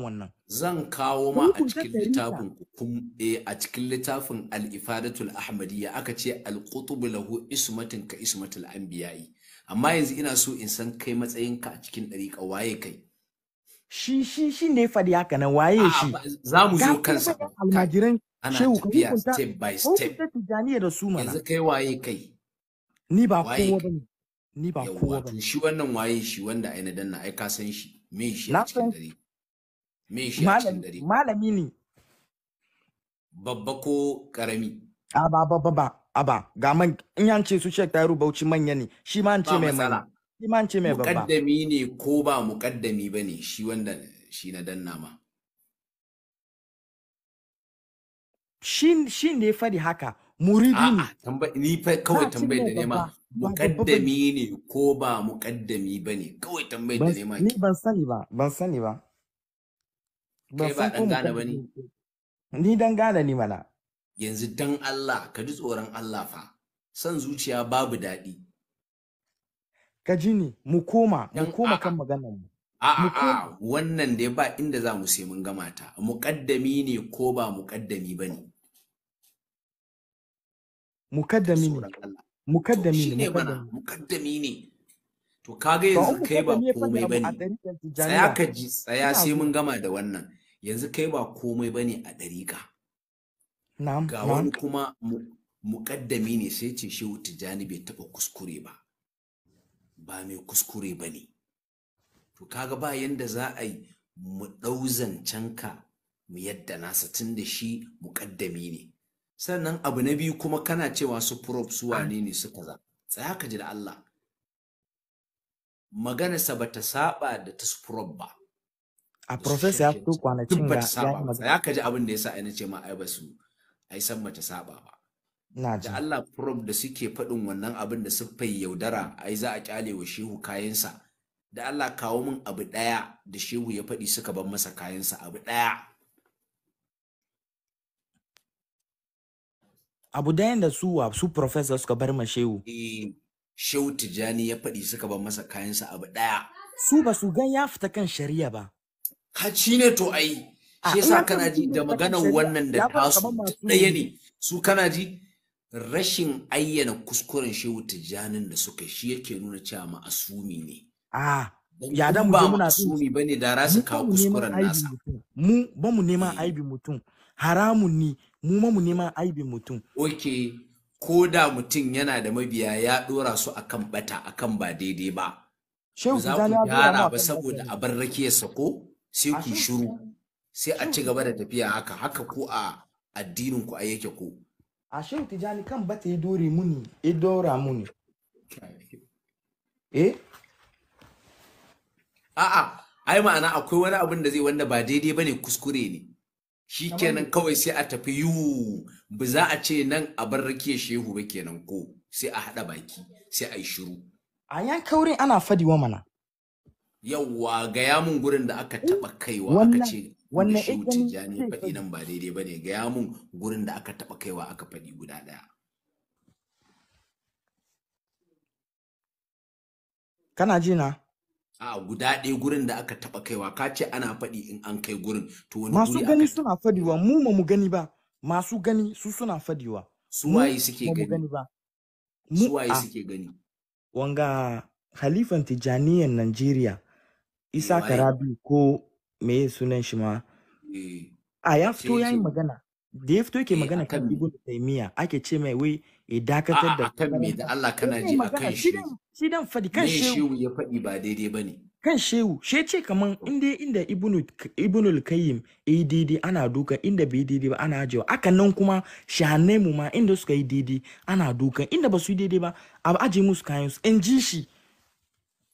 wannan zan kawo ma a cikin littafin kum eh, a cikin littafin al-ifadatul ahmadiyya aka ce al-qutb lahu ismatin ka ismatul anbiya'i amma yanzu ina so in san kai matsayinka a cikin ɗariƙa waye kai shi shi shi ne fadi haka nan waye shi za mu zo kansa almajiran shehu ka hukunta step by step tijaniya da su mana yanzu kai waye kai ni ba kowa bane ni ba kowa bane shi wannan waye shi wanda ai na danna ai ka san shi me shi a cikin dare me shi a cikin dare malami ne babba ko karami a ba babba ba aba ga man in an ce su shek tayaru bauchi manya ne shi ma an ce mai mai shi ma an ce mai babba mukaddami ne ko ba mukaddami bane shi wanda shi na danna ma shi shi ne fadi haka muridi ne tamba ni fa kawai tambayar da nema mukaddami ne ko ba mukaddami bane kawai tambayar da nema ni ban sani ba ban sani ba ban san ko ni dan gane ni mana yanzu dan Allah ka ji tsoron Allah fa san zuciya babu daɗi ka ji ni mu koma mu koma kan maganar mu a'a a wannan da ba inda za mu sai mun gama ta muƙaddami ne ko ba muƙaddami ba ne ne muqaddami ne muqaddami ne to kaga yanzu kai ba komai bane tsaya ka ji tsaya sai mun gama da wannan yanzu kai ba komai bane a dariƙa ga wani kuma muƙaddami ne sai ce shehu tijjani bai taɓa kuskure ba ba mai kuskure ba ne to kaga ba yanda za a yi mu ɗau ka mu yadda nasa tun da shi muƙaddami ne sannan abu na biyu kuma kana cewa su prof su wane ne suka za tsaya ka ji da Allah maganarsa ba ta saba da ta su prof ba a profesa ya fi kwanakin ga ya ka ji abin da ya sa ina ce ma ai ba su ai san mace saba ba da Allah prom da suke faɗin wannan abin da siffai yaudara ai za a kyale wa shehu kayansa da Allah kawo min abu ɗaya da shehu ya faɗi suka ban masa kayansa abu ɗaya abu dayan da su wa su professor suka bar ma shehu eh, shehu tijani ya faɗi suka ban masa kayansa abu ɗaya su ba su gan ya fita kan shari'a ba ha ne to ai shi yasa kana ji da maganar wannan da tasu ɗaya ne su kana ji rashin ayyana kuskuren shehu tijjanin da suka shi yake nuna cewa ma'asumi ne ya dan ba ma'asumi bane da rasu kawo kuskuren nasa mu ba mu neman eh. aibi mutum haramun ne mu ma mu neman aibin mutum Ok, ko da mutum yana da mabiya ya dora su akan bata akan ba daidai ba shehu tijjani ya ba saboda a bar rakiyarsa ko sai ku shiru sai a ci gaba da tafiya haka haka ko a addinin ku a yake ko a shin tijani kan ba ta yi dore muni e dora muni eh a'a ai ma'ana akwai wani abin da zai wanda ba daidai bane kuskure ne Shi kenan kawai sai a tafi yiwu ba za a ce nan a bar rakiya shehu ba kenan ko sai a haɗa baki sai a yi shiru a yan kaurin ana fadi wa mana yawwa gaya yamun gurin da aka taba eh, kaiwa aka ce wannan shehu tijjani faɗi nan ba daidai ba ne gaya yamun gurin da aka taba kaiwa aka faɗi guda ɗaya kana ji na a guda ɗaya gurin da aka taba kaiwa ka ce ana faɗi in an kai gurin to wani masu gani suna faɗiwa mu ma mu gani ba masu gani su suna faɗiwa su waye suke gani ba su waye suke gani wanga halifan tijaniyar Najeriya isa karabi ko me sunan shi ma eh, a ya fito ya yi magana da ya fito yake eh, magana kan ibn taymiya ake ce mai wai ya dakatar da kan me da Allah kana ji a kan shi shi dan fadi kan shehu ya fadi ba daidai bane kan shehu she ce kaman inda inda ibnu ibnul kayyim yi ana duka inda bai daidai ba ana ajewa aka nan kuma shahanai mu ma inda suka yi daidai ana duka inda ba su yi daidai ba a aje musu kayan su in ji shi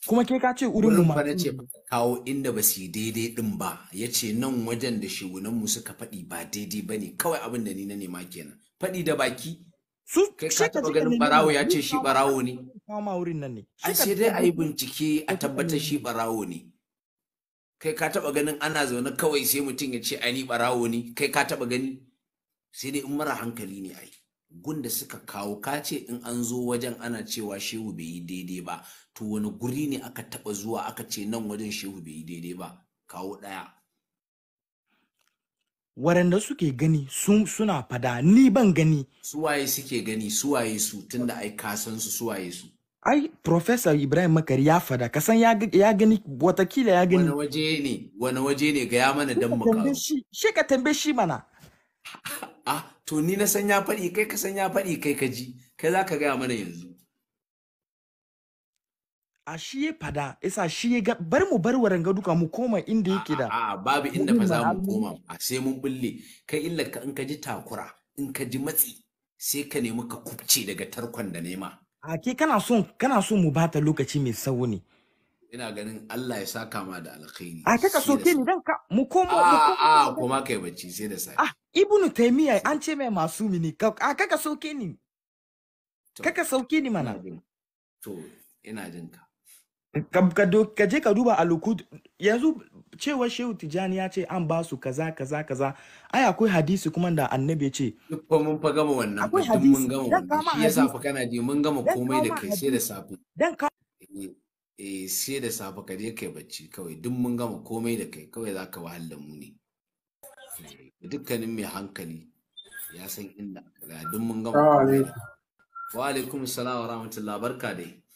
kuma ke ka ce wurin mu ce mm. kawo inda ba su daidai din ba yace nan wajen da shugunan mu suka faɗi ba daidai bane kawai abin da ni na nema kenan faɗi da baki su kai ka taɓa ganin barawo ya ce shi barawo ne kama wurin nan ne a sai dai ayi bincike a tabbatar shi barawo ne kai ka taɓa ganin ana zaune kawai sai mutum ya ce ai ni barawo ne kai ka taɓa gani sai dai in mara hankali ne ai gunda suka kawo kace in an zo wajen ana cewa shehu bai yi daidai ba to wani guri ne aka taba zuwa aka ce nan wajen shehu bai yi daidai ba kawo daya waɗanda suke gani sun suna fada ni ban gani suwaye suke gani suwaye su tunda ai ka san su suwaye su ai professor ibrahim makari ya fada kasan ya gani watakila ya gani wani waje ne wani waje ne ga ya mana dan makaru shi ka tambaye shi mana ah, to ni na san ya faɗi kai ka san faɗi kai ka ji kai za ka gaya mana yanzu a shi ya fada isa shi ya ga bar mu bar waranga duka mu koma inda yake da a babu inda fa za mu koma a sai mun bulle kai illa ka in ka ji takura in ka ji matsi sai ka nemi ka kubce daga tarkon da nema a ke kana son kana son mu bata lokaci mai tsawo ne ina ganin Allah ya saka ma da alkhairi a taka soke ni dan ka mu komo mu a ah, kuma ah, kai bacci sai da sai ah ibnu taymiya an ce mai masumi ne a kaka soke ni kaka sauke ni mana to ina jin ka ka je ka duba alukud yanzu cewa shehu tijani ya ce an ba su kaza kaza kaza ai akwai hadisi kuma da annabi ya ce ko mun fa gama wannan mun gama wannan shi yasa fa kana ji mun gama komai da kai sai da safi dan ka eh. eh sai da safe ka je kai bacci kawai duk mun gama komai da kai kawai za ka wahal mu ne eh, dukkanin mai hankali ya san inda duk mun gama wa alaikum salam wa rahmatullah barka dai